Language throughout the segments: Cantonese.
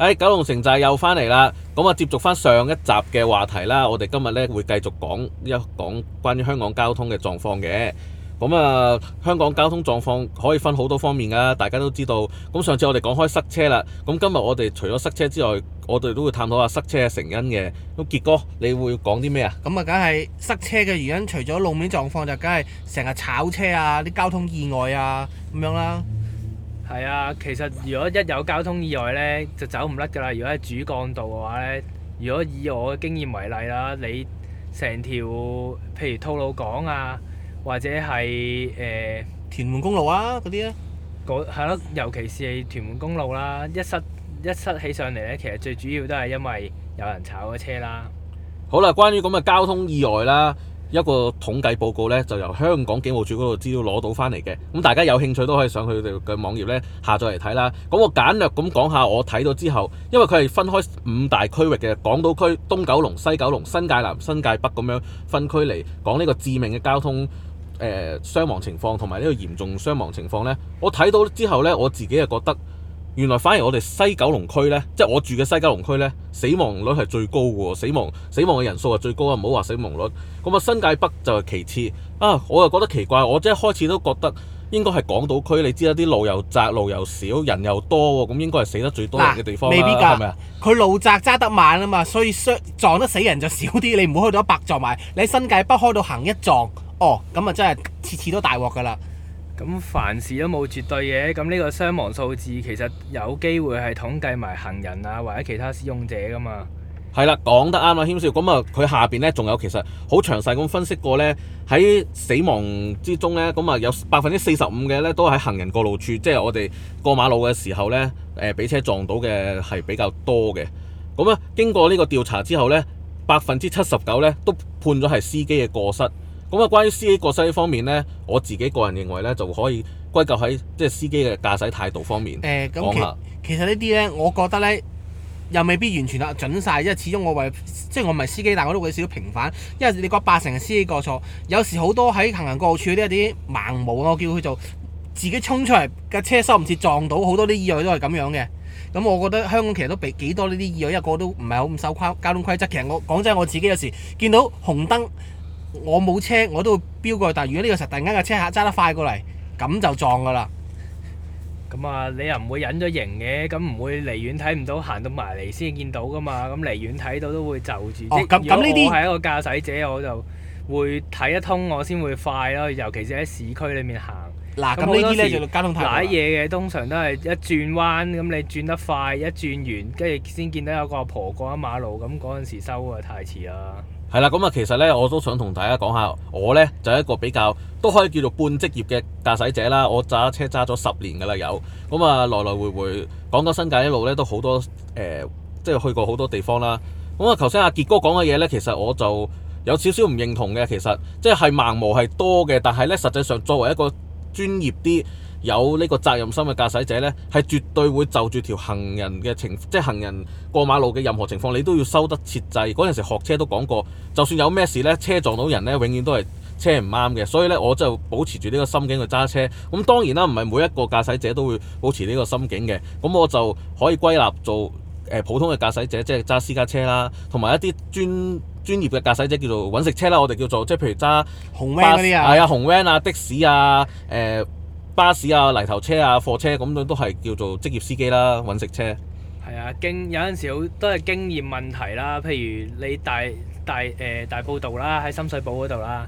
喺、哎、九龍城寨又翻嚟啦，咁啊接續翻上，上一集嘅話題啦，我哋今日咧會繼續講一講關於香港交通嘅狀況嘅。咁啊，香港交通狀況可以分好多方面㗎，大家都知道。咁上次我哋講開塞車啦，咁今日我哋除咗塞車之外，我哋都會探討下塞車嘅成因嘅。咁傑哥，你會講啲咩啊？咁啊，梗係塞車嘅原因，除咗路面狀況，就梗係成日炒車啊，啲交通意外啊咁樣啦。係啊，其實如果一有交通意外咧，就走唔甩㗎啦。如果係主幹道嘅話咧，如果以我嘅經驗為例啦，你成條譬如吐露港啊，或者係誒屯門公路啊嗰啲啊，嗰係咯，尤其是係屯門公路啦，一塞一塞起上嚟咧，其實最主要都係因為有人炒咗車啦。好啦，關於咁嘅交通意外啦。一個統計報告呢，就由香港警務處嗰度資料攞到翻嚟嘅。咁大家有興趣都可以上佢哋嘅網頁呢下載嚟睇啦。咁我簡略咁講下我睇到之後，因為佢係分開五大區域嘅，港島區、東九龍、西九龍、新界南、新界北咁樣分區嚟講呢個致命嘅交通誒、呃、傷亡情況同埋呢個嚴重傷亡情況呢，我睇到之後呢，我自己係覺得。原來反而我哋西九龍區呢，即係我住嘅西九龍區呢，死亡率係最高嘅喎，死亡死亡嘅人數係最高啊！唔好話死亡率，咁啊新界北就係其次啊！我又覺得奇怪，我即係開始都覺得應該係港島區，你知啦，啲路又窄，路又少，人又多喎，咁、哦、應該係死得最多人嘅地方未必㗎，佢吧路窄揸得慢啊嘛，所以撞得死人就少啲，你唔好去到白撞埋，你喺新界北開到行一撞，哦，咁啊真係次次都大鑊㗎啦！咁凡事都冇絕對嘅，咁呢個傷亡數字其實有機會係統計埋行人啊，或者其他使用者噶嘛。係啦，講得啱啊，謙少。咁啊，佢下邊咧仲，有其實好詳細咁分析過咧，喺死亡之中咧，咁啊有百分之四十五嘅咧都喺行人過路處，即係我哋過馬路嘅時候咧，誒，俾車撞到嘅係比較多嘅。咁啊，經過呢個調查之後咧，百分之七十九咧都判咗係司機嘅過失。咁啊，關於司機過失呢方面咧，我自己個人認為咧，就可以歸咎喺即係司機嘅駕駛態度方面講下、呃嗯其。其實呢啲咧，我覺得咧又未必完全啊準晒，因為始終我為即係我唔係司機，但我都會少少平反，因為你講八成嘅司機過錯，有時好多喺行人過路處啲一啲盲無啊，叫佢做自己衝出嚟嘅車，收唔切撞到，好多啲意外都係咁樣嘅。咁、嗯、我覺得香港其實都俾幾多呢啲意外，一個都唔係好咁守交通規則。其實我講真，我自己有時見到紅燈。我冇車，我都會飆過去。但係如果呢個實突然間個車客揸得快過嚟，咁就撞㗎啦。咁啊，你又唔會隱咗形嘅，咁唔會離遠睇唔到，行到埋嚟先見到㗎嘛。咁離遠睇到都會就住。哦，咁呢啲，如果我係一個駕駛者，我就會睇得通，我先會快咯。尤其是喺市區裡面行。嗱、啊，咁呢啲呢啲交通太嘢嘅通常都係一轉彎，咁你轉得快，一轉完，跟住先見到有個阿婆，婆過緊馬路，咁嗰陣時收啊，太遲啦。係啦，咁啊，其實呢，我都想同大家講下，我呢，就係、一個比較都可以叫做半職業嘅駕駛者啦。我揸車揸咗十年噶啦，有咁啊，來來回回廣州新界一路呢，都好多誒、呃，即係去過好多地方啦。咁啊，頭先阿傑哥講嘅嘢呢，其實我就有少少唔認同嘅。其實即係盲毛係多嘅，但係呢，實際上作為一個專業啲。有呢個責任心嘅駕駛者呢，係絕對會就住條行人嘅情，即係行人過馬路嘅任何情況，你都要收得切掣。嗰陣時學車都講過，就算有咩事呢，車撞到人呢，永遠都係車唔啱嘅。所以呢，我就保持住呢個心境去揸車。咁當然啦，唔係每一個駕駛者都會保持呢個心境嘅。咁我就可以歸納做誒普通嘅駕駛者，即係揸私家車啦，同埋一啲專專業嘅駕駛者叫做揾食車啦，我哋叫做即係譬如揸紅 van 啊，紅 van 啊，的士啊，誒、呃。巴士啊、泥頭車啊、貨車咁、啊、都都係叫做職業司機啦，揾食車。係啊，經有陣時都係經驗問題啦。譬如你大大誒大、呃、大埔道啦，喺深水埗嗰度啦。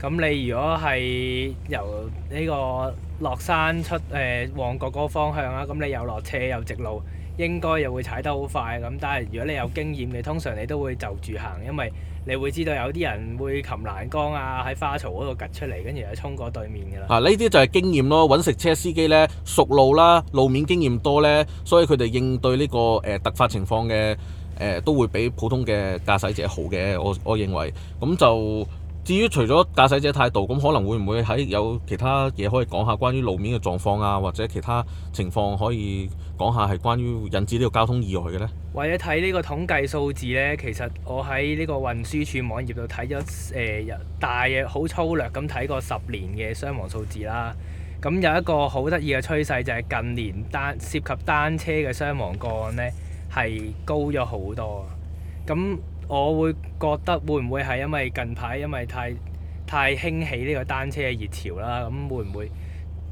咁你如果係由呢個落山出誒、呃、旺角嗰個方向啊，咁你又落車又直路。應該又會踩得好快咁，但係如果你有經驗嘅，通常你都會就住行，因為你會知道有啲人會擒欄杆啊，喺花槽嗰度趌出嚟，跟住就衝過對面㗎喇。啊，呢啲就係經驗咯，揾食車司機呢熟路啦，路面經驗多呢，所以佢哋應對呢個誒突發情況嘅誒都會比普通嘅駕駛者好嘅，我我認為咁就。至於除咗駕駛者態度，咁可能會唔會喺有其他嘢可以講下關於路面嘅狀況啊，或者其他情況可以講下係關於引致呢個交通意外嘅呢？為咗睇呢個統計數字呢，其實我喺呢個運輸署網頁度睇咗誒，大約好粗略咁睇過十年嘅傷亡數字啦。咁有一個好得意嘅趨勢就係近年單涉及單車嘅傷亡個案呢，係高咗好多。咁我會覺得會唔會係因為近排因為太太興起呢個單車嘅熱潮啦，咁會唔會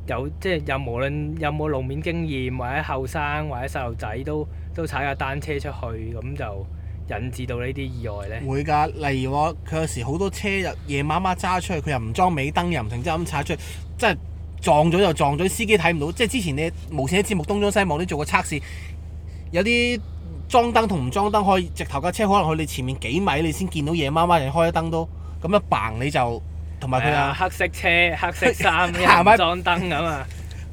有即係有無論有冇路面經驗，或者後生或者細路仔都都踩個單車出去，咁就引致到呢啲意外呢？會㗎，例如話佢有時好多車又夜媽媽揸出去，佢又唔裝尾燈，又唔停執咁踩出去，即係撞咗就撞咗，司機睇唔到。即係之前呢無線啲節目東張西望都做過測試，有啲。裝燈同唔裝燈開，直頭架車可能去你前面幾米，你先見到夜媽媽，你開燈都咁一嘭你就，同埋佢啊黑色車、黑色衫又唔裝燈咁啊。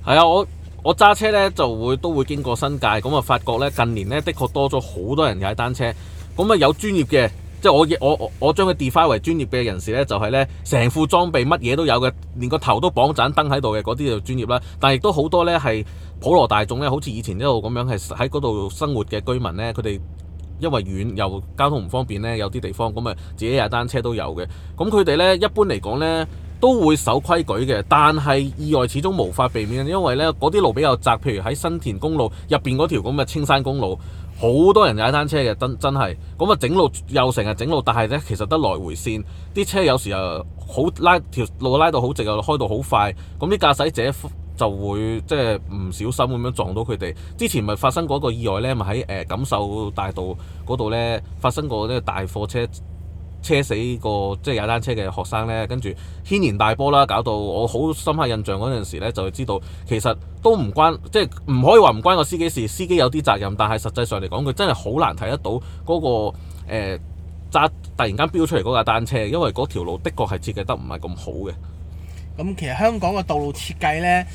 係 啊，我我揸車咧就會都會經過新界，咁啊發覺咧近年咧的確多咗好多人踩單車，咁啊有專業嘅。即係我我我我將佢 define 為專業嘅人士呢，就係呢成副裝備乜嘢都有嘅，連個頭都綁盞燈喺度嘅，嗰啲就專業啦。但係亦都好多呢，係普羅大眾呢，好似以前一路咁樣係喺嗰度生活嘅居民呢。佢哋因為遠又交通唔方便呢，有啲地方咁啊，自己踩單車都有嘅。咁佢哋呢，一般嚟講呢，都會守規矩嘅，但係意外始終無法避免，因為呢嗰啲路比較窄，譬如喺新田公路入邊嗰條咁嘅青山公路。好多人踩單車嘅，真真係。咁啊，整路又成日整路，但係呢，其實得來回線。啲車有時候好，拉條路拉到好直，又開到好快。咁啲駕駛者就會即係唔小心咁樣撞到佢哋。之前咪發生過一個意外呢，咪喺誒錦繡大道嗰度呢，發生過呢大貨車。車死個即係踩單車嘅學生呢，跟住軒然大波啦，搞到我好深刻印象嗰陣時咧，就會知道其實都唔關即係唔可以話唔關個司機事，司機有啲責任，但係實際上嚟講，佢真係好難睇得到嗰、那個誒、呃、揸、突然間飆出嚟嗰架單車，因為嗰條路的確係設計得唔係咁好嘅。咁其實香港嘅道路設計呢，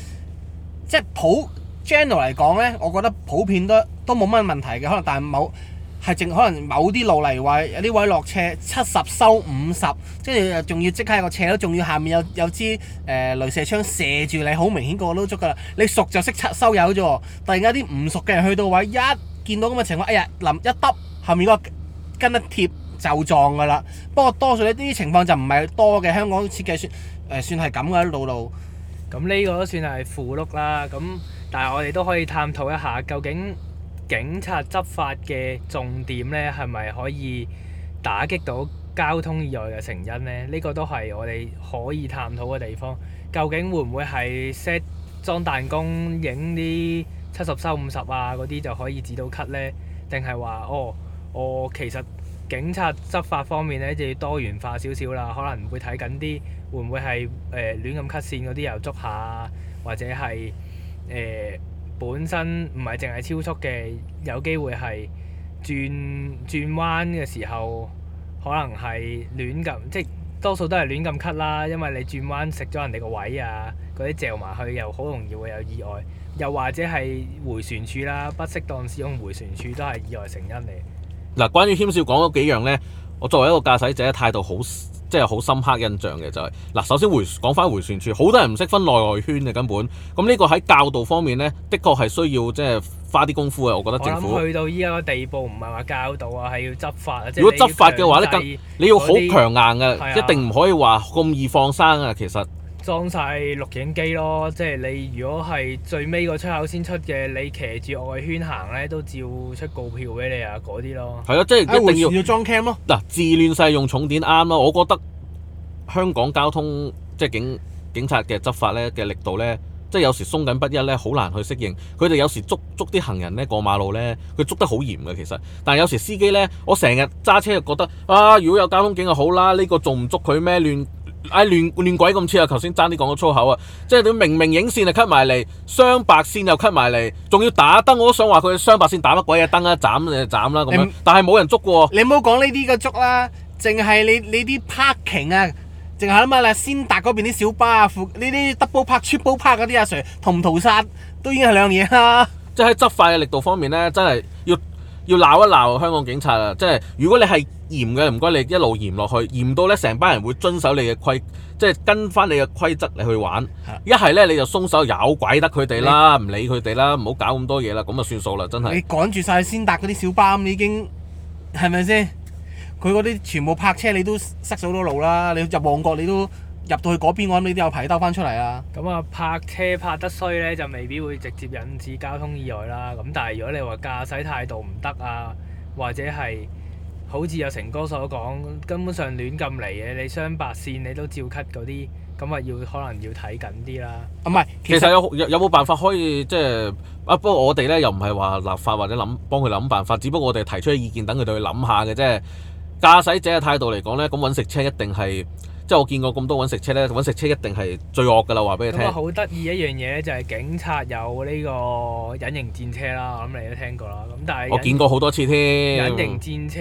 即係普 general 嚟講呢，我覺得普遍都都冇乜問題嘅，可能但係冇。係淨可能某啲路嚟，話有啲位落斜七十收五十，即係仲要即刻有個斜咯，仲要下面有有支誒、呃、雷射槍射住你，好明顯個個都捉噶啦。你熟就識拆收油啫喎，突然間啲唔熟嘅人去到位一見到咁嘅情況，哎呀，臨一耷，後面個跟得貼就撞噶啦。不過多數呢啲情況就唔係多嘅，香港設計算誒、呃、算係咁嘅啦，路路。咁呢個都算係負碌啦，咁但係我哋都可以探討一下究竟。警察執法嘅重點呢，係咪可以打擊到交通意外嘅成因呢？呢、這個都係我哋可以探討嘅地方。究竟會唔會係 set 裝彈弓、影啲七十收五十啊嗰啲就可以止到咳呢？定係話哦，我、哦、其實警察執法方面呢，就要多元化少少啦。可能會睇緊啲會唔會係誒亂咁 cut 線嗰啲又捉下，或者係誒。呃本身唔係淨係超速嘅，有機會係轉轉彎嘅時候，可能係亂咁，即係多數都係亂咁 cut 啦。因為你轉彎食咗人哋個位啊，嗰啲嚼埋去，又好容易會有意外。又或者係回旋處啦，不適當使用回旋處都係意外成因嚟。嗱，關於謙少講嗰幾樣咧，我作為一個駕駛者嘅態度好。即係好深刻印象嘅就係、是、嗱，首先回講返回旋處，好多人唔識分內外圈嘅根本。咁呢個喺教導方面呢，的確係需要即係花啲功夫嘅。我覺得政府去到依家個地步，唔係話教導啊，係要執法啊。如果執法嘅話咧，更你要好強硬嘅，些一定唔可以話咁易放生啊。其實。裝晒錄影機咯，即係你如果係最尾個出口先出嘅，你騎住外圈行咧，都照出告票俾你啊，嗰啲咯。係啊，即係一定要，要裝 cam 咯。嗱，自亂勢用重點啱咯，我覺得香港交通即係警警察嘅執法咧嘅力度咧，即係有時鬆緊不一咧，好難去適應。佢哋有時捉捉啲行人咧過馬路咧，佢捉得好嚴嘅其實。但係有時司機咧，我成日揸車就覺得啊，如果有交通警就好啦，呢個仲唔捉佢咩亂？哎亂亂鬼咁似啊！頭先爭啲講咗粗口啊，即係你明明影線就 cut 埋嚟，雙白線又 cut 埋嚟，仲要打燈，我都想話佢雙白線打乜鬼嘢燈啊！斬你就斬啦咁樣，你但係冇人捉過。你唔好講呢啲嘅捉啦，淨係你你啲 parking 啊，淨係啦嘛啦，先達嗰邊啲小巴啊，呢啲 double park, park、啊、triple park 啲阿 sir 同屠殺都已經係兩樣嘢啦。 即係喺執法嘅力度方面咧，真係要要鬧一鬧香港警察啊！即係如果你係。嚴嘅唔該，你一路嚴落去，嚴到咧成班人會遵守你嘅規，即係跟翻你嘅規則你去玩。一係咧你就鬆手有鬼得佢哋啦，唔你理佢哋啦，唔好搞咁多嘢啦，咁就算數啦，真係。你趕住晒先搭嗰啲小巴咁已經係咪先？佢嗰啲全部泊車，你都塞咗好多路啦。你入旺角，你都入到去嗰邊嗰，我諗你都有排兜翻出嚟啊。咁啊，泊車泊得衰咧，就未必會直接引致交通意外啦。咁但係如果你話駕駛態度唔得啊，或者係。好似有成哥所講，根本上亂咁嚟嘅，你雙白線你都照咳嗰啲，咁啊要可能要睇緊啲啦。唔係、哦，其實，其實有有冇辦法可以即係啊？不過我哋咧又唔係話立法或者諗幫佢諗辦法，只不過我哋提出嘅意見等佢哋去諗下嘅，即係駕駛者嘅態度嚟講咧，咁揾食車一定係。即係我見過咁多揾食車咧，揾食車一定係最惡噶啦，話俾你聽。咁啊，好得意一樣嘢就係警察有呢個隱形戰車啦，我諗你都聽過啦。咁但係我見過好多次添。隱形戰車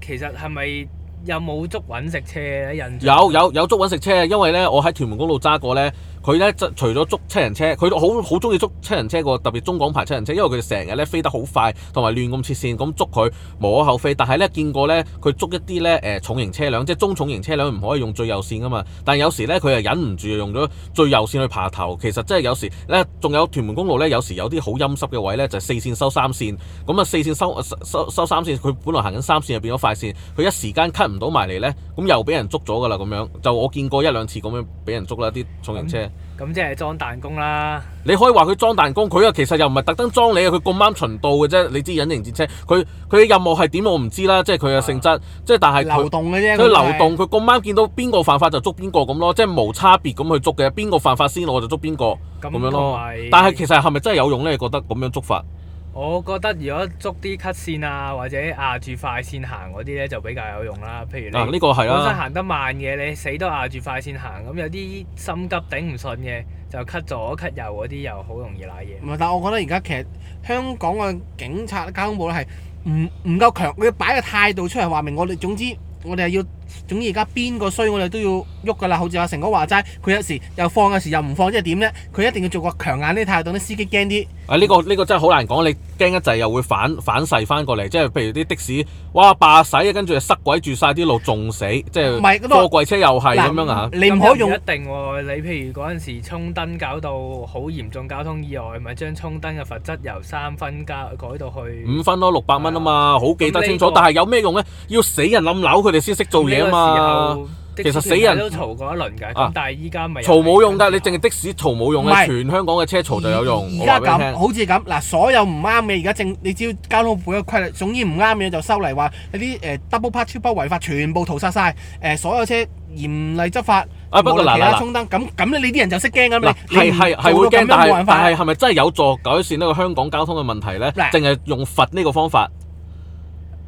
其實係咪有冇捉揾食車咧？人？有有有捉揾食車，因為咧，我喺屯門公路揸過咧。佢咧就除咗捉七人車，佢都好好中意捉七人車個特別中港牌七人車，因為佢哋成日咧飛得好快，同埋亂咁切線咁捉佢無可厚非。但係咧見過咧，佢捉一啲咧誒重型車輛，即係中重型車輛唔可以用最右線噶嘛。但係有時咧佢又忍唔住用咗最右線去爬頭，其實真係有時咧，仲有屯門公路咧，有時有啲好陰濕嘅位咧就係四線收三線，咁啊四線收收收，收三線，佢本來行緊三線就變咗快線，佢一時間 cut 唔到埋嚟咧，咁又俾人捉咗噶啦咁樣，就我見過一兩次咁樣俾人捉啦啲重型車。咁即係裝彈弓啦！你可以話佢裝彈弓，佢又其實又唔係特登裝你啊！佢咁啱巡到嘅啫，你知隱形戰車，佢佢嘅任務係點我唔知啦，即係佢嘅性質，啊、即係但係流動嘅啫，佢流動，佢咁啱見到邊個犯法就捉邊個咁咯，即係無差別咁去捉嘅，邊個犯法先我就捉邊個咁樣咯。是但係其實係咪真係有用咧？你覺得咁樣捉法？我覺得如果捉啲 cut 線啊，或者壓住快線行嗰啲咧，就比較有用啦。譬如你本、啊呢個啊、身行得慢嘅，你死都壓住快線行，咁有啲心急頂唔順嘅，就 cut 左 cut 右嗰啲又好容易瀨嘢。唔係，但係我覺得而家其實香港嘅警察交通部咧係唔唔夠強，你要擺個態度出嚟話明我哋，總之我哋係要。總之而家邊個衰我哋都要喐噶啦，好似阿成哥話齋，佢有時又放嘅時又唔放，即係點咧？佢一定要做個強硬啲態度，啲司機驚啲。啊，呢個呢個真係好難講，你驚一陣又會反反噬翻過嚟，即係譬如啲的士，哇霸死啊，跟住又塞鬼住晒啲路，仲死，即係是我貨櫃車又係咁樣嚇。你唔、啊、可以用可以一定喎、啊，你譬如嗰陣時衝燈搞到好嚴重交通意外，咪將衝燈嘅罰則由三分加改到去五分咯、啊，六百蚊啊，啊嘛，好記得清楚。那那個、但係有咩用咧？要死人冧樓佢哋先識做嘢。啊嘛，其實死人都嘈過一輪㗎，但係依家咪嘈冇用㗎，你淨係的士嘈冇用咧，全香港嘅車嘈就有用。而家咁好似咁，嗱，所有唔啱嘅而家政，你只要交通部嘅規律總之唔啱嘅就收嚟話，嗰啲誒 double park 超包違法，全部屠殺晒，誒所有車嚴厲執法，不過嗱，他衝燈。咁咁咧，你啲人就識驚㗎咩？係係係會驚，但係但係係咪真係有助改善呢個香港交通嘅問題咧？淨係用罰呢個方法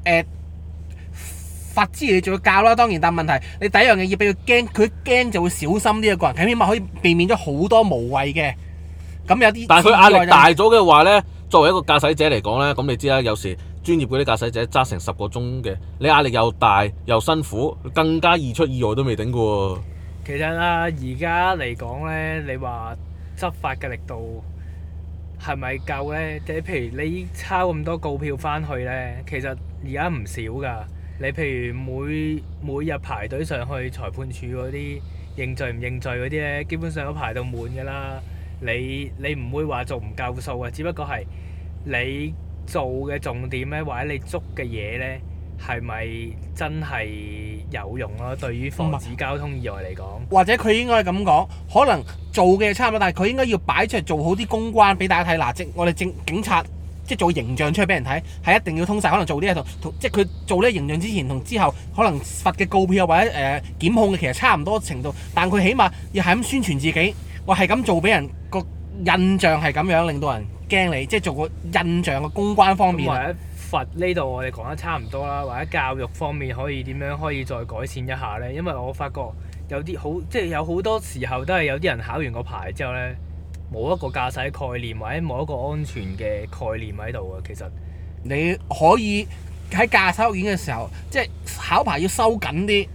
誒？法治你仲要教啦，當然，但問題你第一樣嘢要俾佢驚，佢驚就會小心啲嘅個人，起碼可以避免咗好多無謂嘅咁有啲。但係佢壓力大咗嘅話咧，作為一個駕駛者嚟講咧，咁你知啦，有時專業嗰啲駕駛者揸成十個鐘嘅，你壓力又大又辛苦，更加易出意外都未頂嘅。其實啦，而家嚟講咧，你話執法嘅力度係咪夠咧？即係譬如你差咁多告票翻去咧，其實而家唔少㗎。你譬如每每日排隊上去裁判處嗰啲認罪唔認罪嗰啲咧，基本上都排到滿㗎啦。你你唔會話做唔夠數啊？只不過係你做嘅重點咧，或者你捉嘅嘢咧，係咪真係有用咯？對於防止交通意外嚟講，或者佢應該咁講，可能做嘅差唔多，但係佢應該要擺出嚟做好啲公關俾大家睇。嗱，即我哋警警察。即係做形象出去俾人睇，係一定要通晒。可能做啲嘢同同，即係佢做呢個形象之前同之後，可能罰嘅告票或者誒、呃、檢控嘅其實差唔多程度，但佢起碼要係咁宣傳自己，話係咁做俾人個印象係咁樣，令到人驚你。即係做個印象嘅公關方面。或者罰呢度我哋講得差唔多啦，或者教育方面可以點樣可以再改善一下咧？因為我發覺有啲好，即係有好多時候都係有啲人考完個牌之後咧。冇一個駕駛概念或者冇一個安全嘅概念喺度啊。其實你可以喺駕駛學院嘅時候，即係考牌要收緊啲。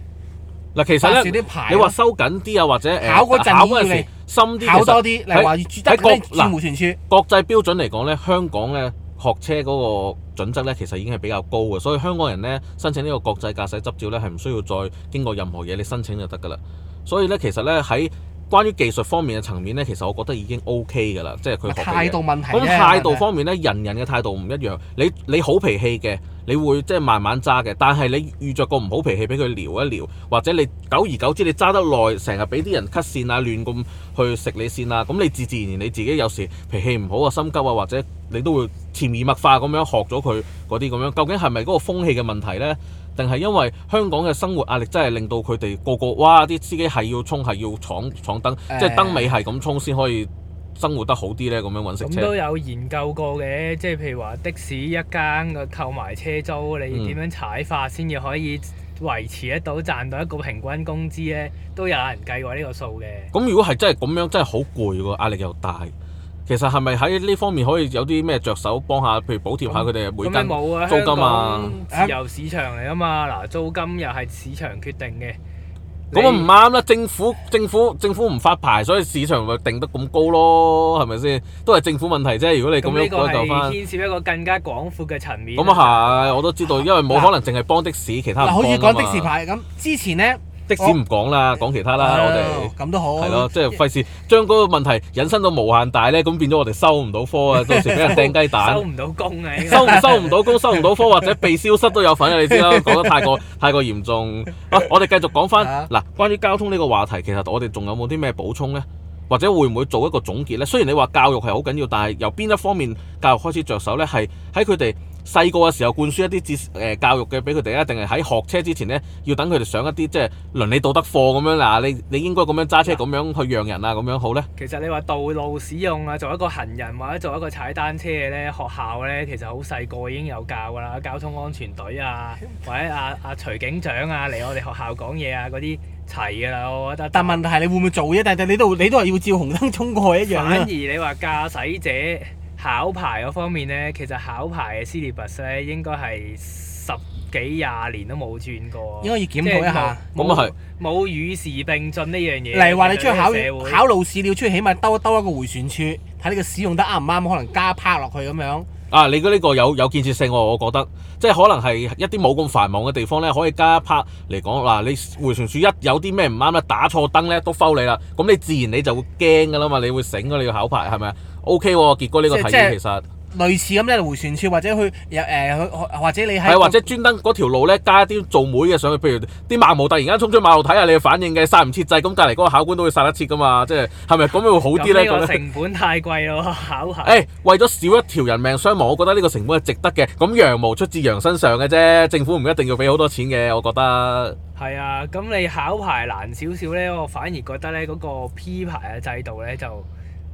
嗱，其實咧，你話收緊啲啊，或者考嗰陣時要深啲，考多啲。你如話，要登嗰啲專國際標準嚟講咧，香港咧學車嗰個準則咧，其實已經係比較高嘅，所以香港人咧申請呢個國際駕駛執照咧，係唔需要再經過任何嘢，你申請就得㗎啦。所以咧，其實咧喺關於技術方面嘅層面咧，其實我覺得已經 OK 嘅啦，即係佢學嘅態度問題啊。咁態度方面咧，人人嘅態度唔一樣。你你好脾氣嘅，你會即係慢慢揸嘅。但係你遇着個唔好脾氣，俾佢撩一撩，或者你久而久之你揸得耐，成日俾啲人 cut 線啊，亂咁去食你線啊，咁你自自然然你自己有時脾氣唔好啊，心急啊，或者你都會潛移默化咁樣學咗佢嗰啲咁樣。究竟係咪嗰個風氣嘅問題咧？定係因為香港嘅生活壓力真係令到佢哋個個哇啲司機係要衝係要闖闖燈，呃、即係燈尾係咁衝先可以生活得好啲呢？咁樣揾食咁都有研究過嘅，即係譬如話的士一間佢扣埋車租，你點樣踩法先至可以維持得到賺到一個平均工資呢？都有人計過呢個數嘅。咁、嗯嗯、如果係真係咁樣，真係好攰喎，壓力又大。其實係咪喺呢方面可以有啲咩着手幫下？譬如補貼下佢哋每間租金啊，自由市場嚟啊嘛，嗱租金又係市場決定嘅。咁啊唔啱啦！政府政府政府唔發牌，所以市場咪定得咁高咯，係咪先？都係政府問題啫。如果你咁樣改就翻。呢個係牽涉一個更加廣闊嘅層面。咁啊係，我都知道，因為冇可能淨係幫的士，其他可以噶講的士牌咁，之前咧。的士唔講啦，講其他啦，我哋咁都好，係咯，即係費事將嗰個問題引申到無限大咧，咁變咗我哋收唔到科啊，到時俾人掟雞蛋，收唔到工啊，收收唔到工，收唔到科，或者被消失都有份啊，你知啦，講得太過太過嚴重。啊，我哋繼續講返嗱，關於交通呢個話題，其實我哋仲有冇啲咩補充咧？或者會唔會做一個總結咧？雖然你話教育係好緊要，但係由邊一方面教育開始着手咧？係喺佢哋細個嘅時候灌輸一啲誒教育嘅俾佢哋啊，定係喺學車之前咧，要等佢哋上一啲即係倫理道德課咁樣嗱，你你應該咁樣揸車，咁樣去讓人啊，咁樣好咧。其實你話道路使用啊，做一個行人或者做一個踩單車嘅咧，學校咧其實好細個已經有教噶啦，交通安全隊啊，或者阿、啊、阿徐警長啊嚟我哋學校講嘢啊嗰啲齊噶啦，我覺得。但問題係你會唔會做啫？但係你都你都係要照紅燈衝過去一樣、啊。反而你話駕駛者，考牌嗰方面咧，其實考牌嘅 syllabus 咧，應該係十幾廿年都冇轉過。應該要檢討一下，冇冇去？冇沒是與時並進呢樣嘢。例如話你出去考會考路試，你要出去起碼兜一兜一個迴旋處，睇呢個使用得啱唔啱，可能加拍落去咁樣。啊，你嘅呢個有有建設性喎、啊，我覺得，即係可能係一啲冇咁繁忙嘅地方咧，可以加 part 嚟講嗱，你迴旋處一有啲咩唔啱咧，打錯燈咧都收你啦。咁你自然你就會驚㗎啦嘛，你會醒咯、啊，你要考牌係咪啊？O K 喎，結果呢個體驗其實類似咁咧，回旋處或者去有誒去或者你係，或者專登嗰條路咧加一啲做妹嘅上去，譬如啲馬毛突然間衝出馬路睇下你嘅反應嘅，剎唔切掣咁，隔籬嗰個考官都會剎得切㗎嘛，即係係咪咁樣會好啲咧？覺得成本太貴咯，考牌。誒，為咗少一條人命傷亡，我覺得呢個成本係值得嘅。咁羊毛出自羊身上嘅啫，政府唔一定要俾好多錢嘅，我覺得。係啊，咁你考牌難少少咧，我反而覺得咧嗰個 P 牌嘅制度咧就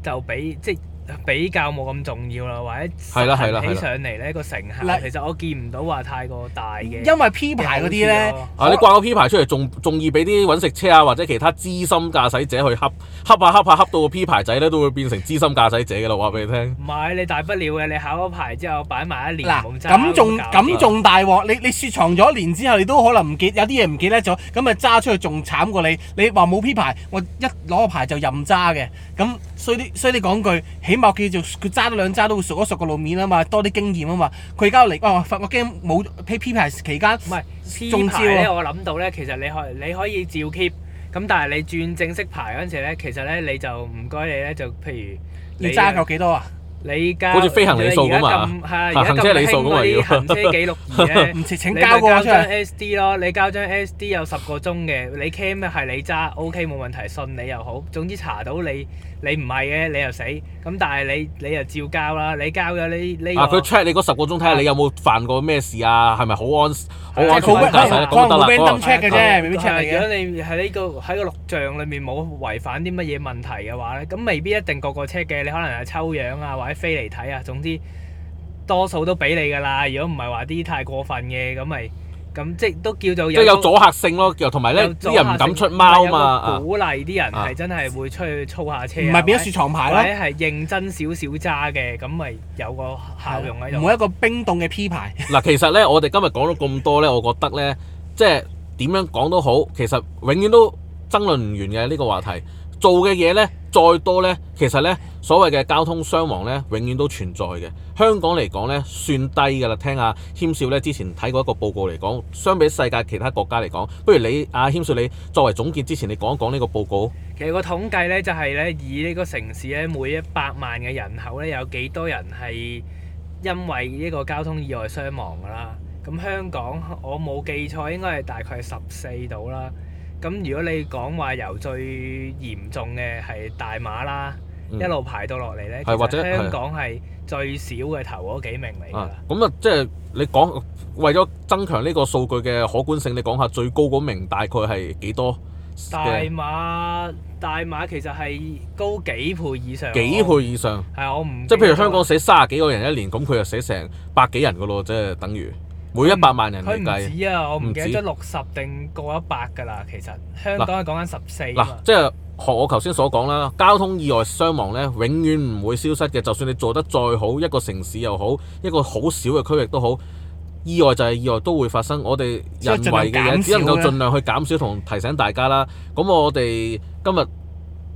就比即係。比較冇咁重要啦，或者升起上嚟咧個乘客。嗱，其實我見唔到話太過大嘅。因為 P 牌嗰啲咧，啊你掛個 P 牌出嚟，仲仲易俾啲搵食車啊或者其他資深駕駛者去恰恰下恰下恰到個 P 牌仔咧，都會變成資深駕駛者嘅啦，話俾你聽。唔係，你大不了嘅，你考咗牌之後擺埋一年。咁仲咁仲大鑊，你你雪藏咗一年之後，你都可能唔記，有啲嘢唔記得咗，咁咪揸出去仲慘過你。你話冇 P 牌，我一攞個牌就任揸嘅，咁。所以啲所以你講句，起碼叫做佢揸多兩揸都會熟一熟個路面啊嘛，多啲經驗啊嘛。佢而家嚟哦，我驚冇 P P 牌期間，唔係中招咧。我諗到咧，其實你可你可以照 keep 咁，但係你轉正式牌嗰陣時咧，其實咧你就唔該你咧，就譬如要揸夠幾多啊？你交好似飛行里數啊嘛，咁啊，行車里數嗰啲行車記錄儀咧，唔請交過張 S D 咯，你交張 S D 有十個鐘嘅，你 cam 係你揸 O K 冇問題，信你又好，總之查到你。你唔係嘅，你又死。咁但係你你又照交啦，你交咗呢呢佢 check 你嗰、呢個啊、十個鐘睇下你有冇犯過咩事啊？係咪好安好安分？可能冇 ben check 嘅啫，ben check 嘅。如果你喺呢、呢個喺個錄像裡面冇違反啲乜嘢問題嘅話咧，咁未必一定個個 check 嘅。你可能係抽樣啊，或者飛嚟睇啊，總之多數都俾你㗎啦。如果唔係話啲太過分嘅，咁咪。咁即係都叫做有，有阻嚇性咯，又同埋咧啲人唔敢出貓嘛，鼓勵啲、啊、人係真係會出去操下車，唔係變咗雪藏牌咧，係認真少少揸嘅，咁咪、啊、有個效用喺度，每一個冰凍嘅 P 牌。嗱， 其實咧，我哋今日講咗咁多咧，我覺得咧，即係點樣講都好，其實永遠都爭論唔完嘅呢、呢個話題。做嘅嘢呢，再多呢，其實呢，所謂嘅交通傷亡呢，永遠都存在嘅。香港嚟講呢，算低噶啦。聽下謙少呢，之前睇過一個報告嚟講，相比世界其他國家嚟講，不如你阿謙、啊、少，你作為總結之前，你講一講呢個報告。其實個統計呢，就係、是、呢，以呢個城市呢，每一百萬嘅人口呢，有幾多人係因為呢個交通意外傷亡噶啦？咁香港我冇記錯，應該係大概十四度啦。咁如果你講話由最嚴重嘅係大馬啦，嗯、一路排到落嚟咧，或者香港係最少嘅的頭嗰幾名嚟嘅。咁啊，即係你講為咗增強呢個數據嘅可觀性，你講下最高嗰名大概係幾多？大馬，大馬其實係高幾倍以上？幾倍以上？係我唔不即係，譬如香港寫卅幾個人一年，咁佢、嗯、就寫成百幾人嘅咯，即係等於。每一百萬人去計，啊！我唔記得六十定過一百㗎啦。唔止。其實香港係講緊十四啊，即係學我頭先所講啦。交通意外傷亡咧，永遠唔會消失嘅。就算你做得再好，一個城市又好，一個好少嘅區域都好，意外就係意外，都會發生。我哋人為嘅嘢只能夠盡量去減少同提醒大家啦。咁我哋今日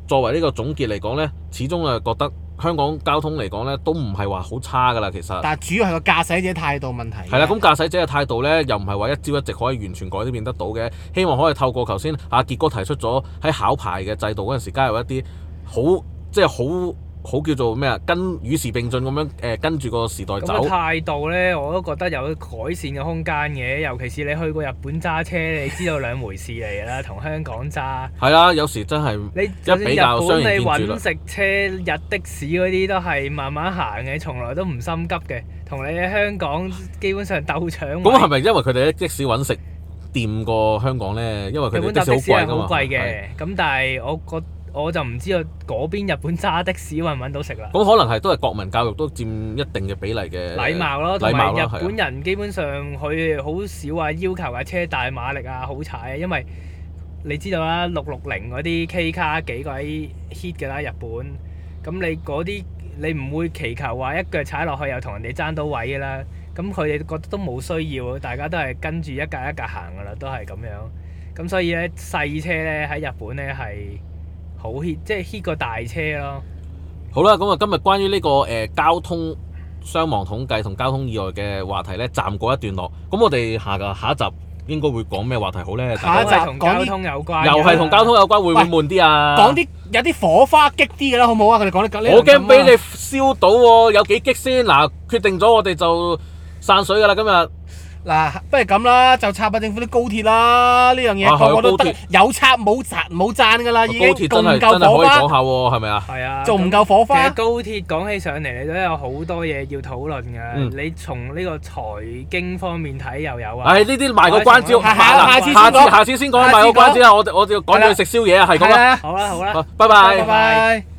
作為呢個總結嚟講咧，始終係覺得。香港交通嚟講咧，都唔係話好差㗎喇，其實。但係主要係個駕駛者態度問題。係啦，咁駕駛者嘅態度咧，又唔係話一朝一夕可以完全改變得到嘅。希望可以透過頭先阿傑哥提出咗喺考牌嘅制度嗰陣時加入一啲好即係好。就是好叫做咩啊？跟與時並進咁樣，誒、呃、跟住個時代走。態度咧，我都覺得有改善嘅空間嘅，尤其是你去過日本揸車，你知道兩回事嚟嘅啦，同香港揸。係啦，有時真係一比較，你揾食車日的士嗰啲都係慢慢行嘅，從來都唔心急嘅。同你喺香港基本上鬥搶。咁係咪因為佢哋喺的士揾食掂過香港咧？因為日本的士好貴㗎嘛。咁 但係我覺。我就唔知啊，嗰邊日本揸的士搵唔搵到食啦。咁可能係都係國民教育都佔一定嘅比例嘅禮貌咯，同埋日本人基本上佢好少話、啊、要求架車大馬力啊，好踩啊，因為你知道啦，六六零嗰啲 K 卡幾鬼 hit 噶啦，日本咁你嗰啲你唔會祈求話一腳踩落去又同人哋爭到位噶啦。咁佢哋覺得都冇需要，大家都係跟住一格一格行噶啦，都係咁樣。咁所以咧，細車咧喺日本咧係。好 hit 即係 hit 個大車咯。好啦，咁啊今日關於呢、這個誒、呃、交通傷亡統計同交通意外嘅話題咧，暫過一段落。咁我哋下個下一集應該會講咩話題好咧？下一集同交通有關、啊，又係同交通有關，會唔會悶啲啊？講啲有啲火花激啲嘅啦，好唔好啊？佢哋講啲夠，我驚俾你燒到喎、哦。啊、有幾激先嗱？決定咗我哋就散水噶啦，今日。嗱，不如咁啦，就拆下政府啲高鐵啦，呢樣嘢個個都得，有拆冇拆，冇贊噶啦，已經夠唔夠火花？高鐵真係可以講下喎，係咪啊？係啊，仲唔夠火花？高鐵講起上嚟，你都有好多嘢要討論嘅。你從呢個財經方面睇又有啊。誒呢啲賣個關照，下次下次先講，下次先講賣個關照啊！我我哋講咗食宵夜啊，係咁啦。好啦好啦，拜拜拜拜。